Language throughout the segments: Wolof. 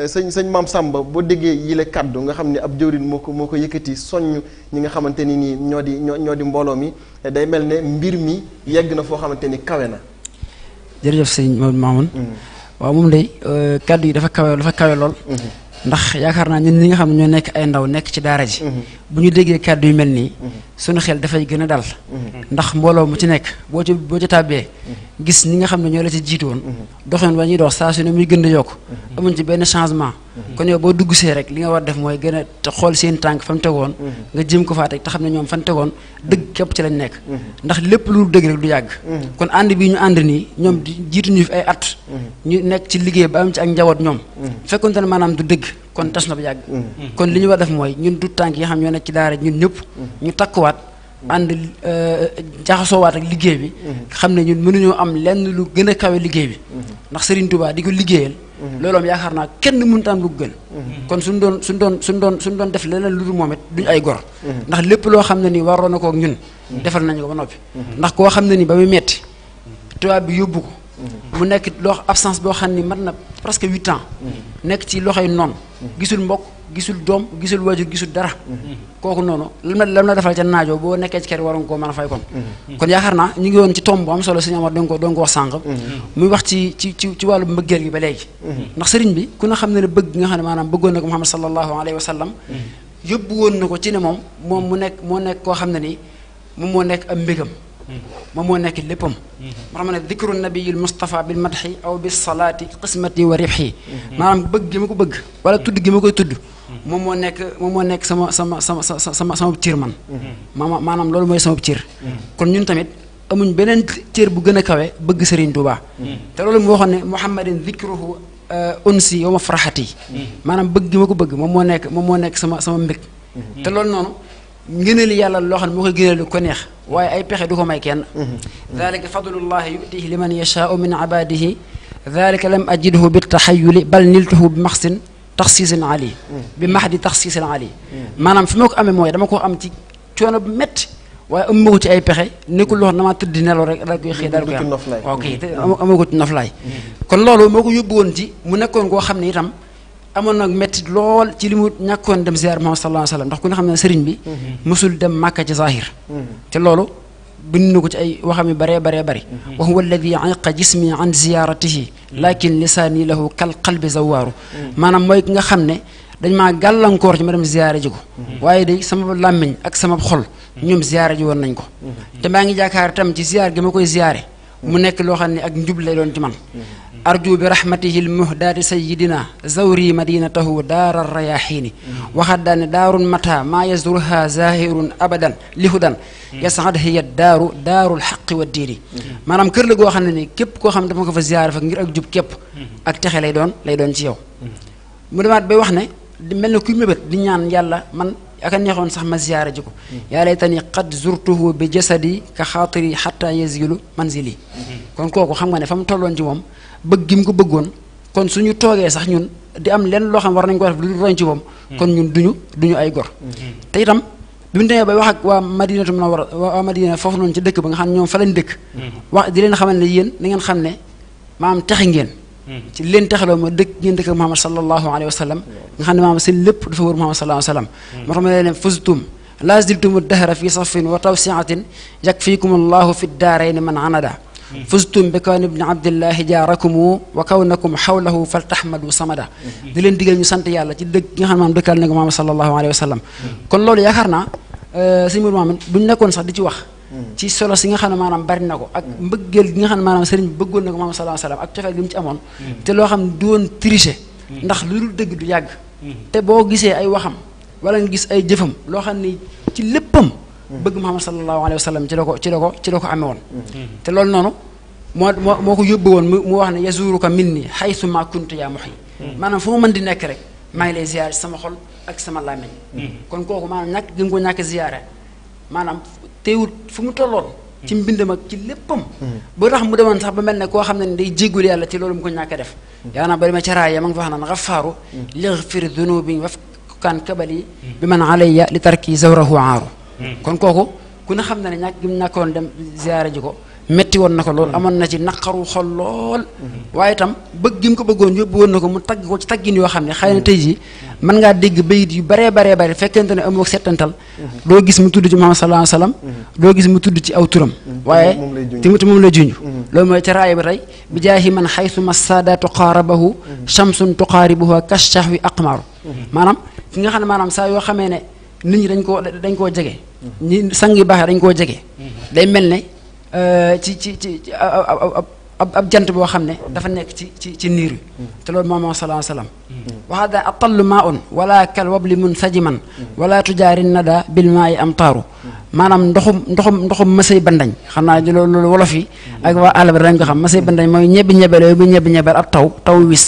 Eh, sëñ sëñ maam Samba boo déggee yile kàddu nga xam ne ab jëwrin moo ko moo ko yëkkati soññ ñi nga xamante ni nii ñoo di ñoo ñoo di mbooloo mi eh, day mel ne mbir mi yegg na foo xamante ni kawe na. jërëjëf sëñ Maodo Mamoun. Mm-hmm. waaw moom day euh, kàddu yi dafa kawe dafa kawe lool. Mm-hmm. ndax yaakaar naa ñun ñi nga xam ne ñoo nekk ay ndaw nekk ci daara ji. Mm-hmm. bu ñu déggee kàddu yu mel nii. suñu xel dafay gën a dal ndax mbooloo mu ci nekk boo ci boo ci tàbbee gis ni nga xam ne ñoo la ci jiitoon doxin wa ñuy dox saa su ne muy gën a yokk amuñ ci benn changement kon yow boo dugg see rek li nga war def mooy gën a xool seen tànk fa mu tegoon nga jëm ko faa te xam ne ñoom fan tegoon dëgg képp ci lañ nekk ndax lépp lu dëgg rek yàgg kon ànd bii ñu ànd nii ñoom jiituñu fi ay at ñu nekk ci liggéey ba am ci ak njaboot ñoom ne maanaam du dëgg kon tas na bu yàgg. Mm. kon li ñu war def mooy ñun du tànk yi xam ñoo nekk ci daara ñun ñëpp. Mm. ñu takkuwaat ànd euh, jaxasoowaat ak liggéey bi. Mm. xam ne ñun mënuñoo am lenn lu gën a kawe liggéey bi. ndax Serigne Touba di ko liggéeyal. loolu am yaakaar naa kenn mënut a am lu gën. kon suñu doon suñu doon suñu doon suñu doon def leneen lu dul moom it duñ ay gor. ndax lépp loo xam ne nii waroon ko ak ñun. defal nañu ko ba noppi. ndax koo xam ne nii ba muy metti tubaab bi yóbbu mu nekk loo absence boo xam ni mat na presque huit ans. Mm-hmm. nekk ci loxoy noonu. Mm-hmm. gisul mbokk gisul doom gisul waajur gisul dara. Mm-hmm. kooku noonu lam na lam na defal ca naajoo boo nekkee ci kër waroon koo mën a fay kon. kon yaakaar naa ñu ngi woon ci tomb bu am solo suñu amoon doon ko doon ko wax sànq. muy wax ci ci ci ci wàllu mbëggeel gi ba léegi. ndax sëriñ bi ku ne xam ne ne bëgg nga xam ne maanaam bëggoon na ko Muhammad sallallahu alayhi wa yóbbu woon na ko ci ne moom moom nekk moo nekk koo xam ne ni moom moo nekk am moom moo nekk léppam maanaam ne dikru nabiyil mustafa bil madxi aw bi salaati qismati wa ribxi maanaam bëgg gi ma ko bëgg wala tudd gi ma koy tudd moom moo nekk moom moo nekk sama sama sama sa sama sama cër man ma maanaam loolu mooy sama cër kon ñun tamit amuñ beneen cër bu gën a kawe bëgg Serigne Touba te loolu mu waxoon ne muhammadin dikruhu euh, unsi yow ma faraxati maanaam bëgg gi ma ko bëgg moom moo nekk moom moo nekk sama sama mbég te loolu noonu ngëneel yàlla loo xam moo koy gënal ko neex waaye ay pexe du ko may kenn dalika mhm. fadlullahi yutihi liman yashaau min ibadihi dalika lam ajidhu bi taxayuli bal niltuhu bi maxsin taxsiisin ali mhm. bi max di taxsiisin ali mhm. maanaam fi ma ko amee mooy dama ko am ci coono bu métti waaye amu ko ci ay pexe nekkul loo xam damaa tëdd nelaw rek daal koy xëy daal koy am ok amu ko ci noflaay kon loolu moo ko yóbbu woon ci mu nekkoon koo xam ne itam amoon nag métti lool ci li mu ñàkkoon dem ziar Muhammad sallallahu alayhi wasallam ndax ku ne xam ne sëriñ bi mësul mhm. dem Màkka ci zahir mhm. te loolu bind na ko ci ay waxam yu baree baree bari mhm. wa huwa alladi aqa jismi an ziyaratihi lakin lisaani lahu kal qalbi zawaaru maanaam mooy ki nga xam ne dañ maa gàllankoor ci ma dem ziyaare ji ko waaye de sama làmmiñ ak sama xol ñoom ziyaare ji woon nañ ko te maa ngi jaakaar itam ci ziyaar gi ma koy ziyaare mu nekk loo xam ne ak njub lay doon ci man arju bi rahmatihi lmuhdaati sayidina zawri madinatahu daara rayaxiini waxaat daane daarun mata maa yazruha zahirun abadan lihudan yasaad hiya daaru daarul xaqi wa diini maanaam kër la goo xam ne ni képp koo xam ne dafa ko fa ziyaara fa ngir ak jub képp ak texe lay doon lay doon ci yow mu demaat bay wax ne mel na kuy mébét di ñaan yàlla man aka neexoon sax ma ziyaara ji ko yaa laytani qad zurtuhu bi jasadi ka xaatiri xatta yazilu manzili kon kooku xam nga ne fa mu tolloon ci moom bëgg gi mu ko bëggoon kon suñu toogee sax ñun di am lenn loo xam war nañ ko def lu roñ ci moom kon ñun duñu duñu ay gor te itam bi mu demee bay wax ak waa madinatu mun a war waa madina foofu noonu ci dëkk ba nga xam ne ñoom fa lañ dëkk mm-hmm. wax di leen xamal ne yéen na xam ne maam texe ngeen ci leen taxaloo ma dëkk ngeen dëkk Muhammad sallallahu alayhi wa sallam nga xam ne maanaam seen lépp dafa wër Muhammad sallallahu alayhi wa sallam hmm. moo tax ma ne leen fastum laa ziltum dahra fi safin wa tawsiatin yakfikum allahu fi daarayni man anada hmm. fastum bi kawn ibni abdillahi jaarakumu wa kawnakum xawlahu faltaxmadu samada hmm. di leen digal ñu sant yàlla ci dëkk nga xam ne maanaam dëkkal na ko Muhammad sallallahu euh, sax di ci wax Mm. ci solo si nga xam ne maanaam bari na ko ak mm. mbëggeel gi nga xam ne maanaam sëriñ bi bëggoon na ko maam salaa salaam ak cofeel gi mu mm. loo xam ne du woon tricher ndax lu dul dëgg du yàgg te boo gisee ay waxam wala nga gis ay jëfam loo xam ne ci léppam bëgg Muhammad sallallahu alayhi wa sallam ci la ko ci la ko ci la ko amee woon te loolu noonu moo moo moo ko yóbbu woon mu wax ne yazuruka minni haythu ma kuntu yaa muhyi maanaam fu ma mën di nekk rek maa ngi lay ziyaar sama xol ak sama làmmiñ kon kooku maanaam ñàkk gi nga ko ñàkk ziyaara maanaam teewut fu mu tolloon. ci mbindam ak ci léppam. Hmm. ba tax mu demoon sax ba mel ne koo xam ne day jéggul yàlla ci loolu mu ko ñàkk a def. Hmm. yaa naa ba dama ca raaya ma nga fa wax naan xafaaru. Hmm. lighfir dunubi waf kan kabali. bi man alayya li tarki zawrahu aaru kon kooku ku ne xam na ne ñàkk gi mu ñàkkoon dem ziyaara ji ko. metti woon na ko lool mm. amoon na ci naqaru xol lool waaye itam bëgg gi mu ko bëggoon yóbbu woon na ko mu tagg ko ci taggin yoo xam ne xëy na tey jii mën ngaa dégg bayit yu baree baree bare fekkente ne amoo settantal doo mm-hmm. gis mu tudd ci Muhammad sallallahu alayhi wasallam doo mm-hmm. gis mu tudd ci aw turam mm-hmm. waaye timati moom lay junj loolu mooy raay ba tey bi jaahi man xaysuma saada tuqaarabahu shamsun tuqaaribuha kashahwi aqmaaru maanaam ki nga xam ne maanaam saa yoo xamee ne nit ñi dañ koo dañ koo jege ñi sangi baax dañ koo jege day mel ne Euh, ci ci ci ab jant boo xam ne dafa nekk ci ci ci niir wi mm. te loolu moom salaa salaam mm. waxaada atallu maa un wala kal wabli mun sajiman mm. wala tujaari nada bil maa yi am taaru maanaam ndoxum ndoxum ndoxum masay bandañ xam naa loolu loolu wolof yi ak waa àll bi dañ ko xam masay bandañ mooy ñebbi ñebel yooyu bu ñebbi ñebel ab taw taw wis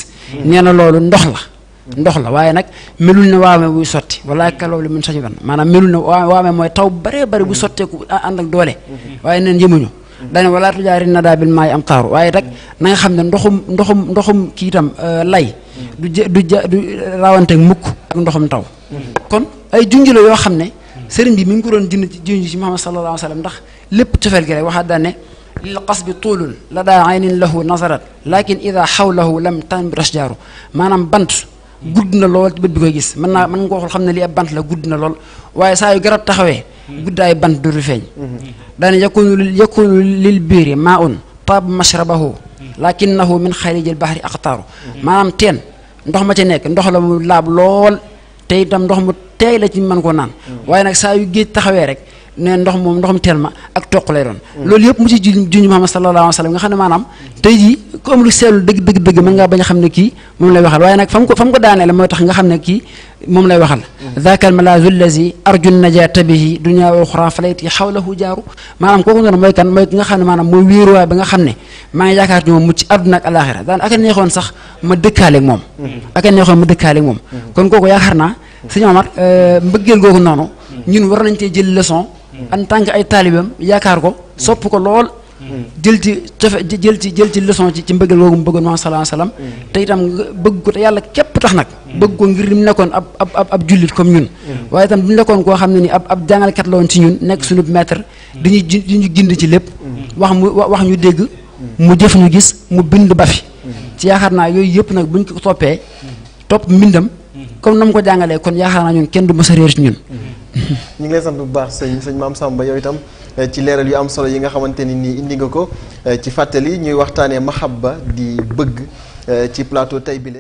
nee na loolu ndox la ndox la waaye nag melul ne waame buy sotti wala kaloob li mun sañu ban maanaam melul ne waame mooy taw bare bare bu sotteeku ànd ak doole mm-hmm. waaye neen yëmuñu dana walaa tujaari nadaa bil maay am xaaru waaye rek na nga xam ne ndoxum ndoxum ndoxum kii tam euh, lay du jë du ja du rawante mukk ndoxum taw kon ay junj la yoo xam ne sëriñ bi mu ngi ko doon junj ci junj ci Muhammad sallallahu alayhi wa sallam ndax lépp cofeel gi rek waxaat daan ne lil qasbi tuulun la daa aynin lahu nazarat lakin ida xawlahu lam tanbit ashjaaru maanaam bant gudd na lool bët bi koy gis mën naa mën nga xam ne lii ab bant la gudd na lool waaye saa yu garab taxawee guddaay bant du du daan yakunu yakunu lil biir biiri maa un taab mashrabahu lakinnahu min xarijil bahri aqtaaru maanaam teen ndox ma ci nekk ndox la mu laab lool te itam ndox mu teey la ci man koo naan waaye nag saa yu géej taxawee rek ne ndox moom ndoxum teel ma ak toq lay doon loolu yëpp mu ci ju junj Muhammad sallallahu alayhi wa sallam nga xam ne maanaam tey jii ku am lu seetlu dëgg dëgg dëgg mën ngaa bañ a xam ne kii moom lay waxal waaye nag fa mu ko fa mu ko daanee la mooy tax nga xam ne kii moom lay waxal ذاك الملاذ الذي أرجو النجاة به دنيا وأخرى فليتي حوله جارو maanaam kooku noonu mooy kan mooy ki nga xam ne maanaam mooy wéeruwaay bi nga xam ne maa ngi yaakaar ci moom mucc àdduna ak alaaxira daan ak a neexoon sax ma dëkkaaleeg moom. Mm-hmm. ak a neexoon ma dëkkaaleeg moom. Mm-hmm. kon kooku yaakaar naa sëñ Omar euh, mbëggeel googu noonu. ñun war nañ cee jël leçon. Mm-hmm. en tant ay taalibam yaakaar ko sopp ko lool. jël ci jafe jël ci jël ci leçon ci ci mbëggal googu mu bëggoon moom salaa salaam te itam bëgg ko te yàlla képp tax nag mm. bëgg ko ngir lim nekkoon ab ab jullit comme ñun mm. waaye itam du nekkoon koo xam ne ni ab ab jàngalkat la woon ci ñun nekk suñu mm. maître di ñu gind ci lépp wax mu wax ñu dégg mu jëf ñu gis mu bind ba fi ci yaakaar naa yooyu yëpp nag buñ ko toppee topp mbindam comme na mu ko jàngalee kon yaakaar naa ñun kenn du mës a réer ci ñun ñu ngi lay sant bu baax sëñ sëñ am Samba yow itam eh, ci leeral yu am solo yi nga xamante ni nii indi nga ko eh, ci fàttali ñuy waxtaanee ba di bëgg eh, ci plateau tey bile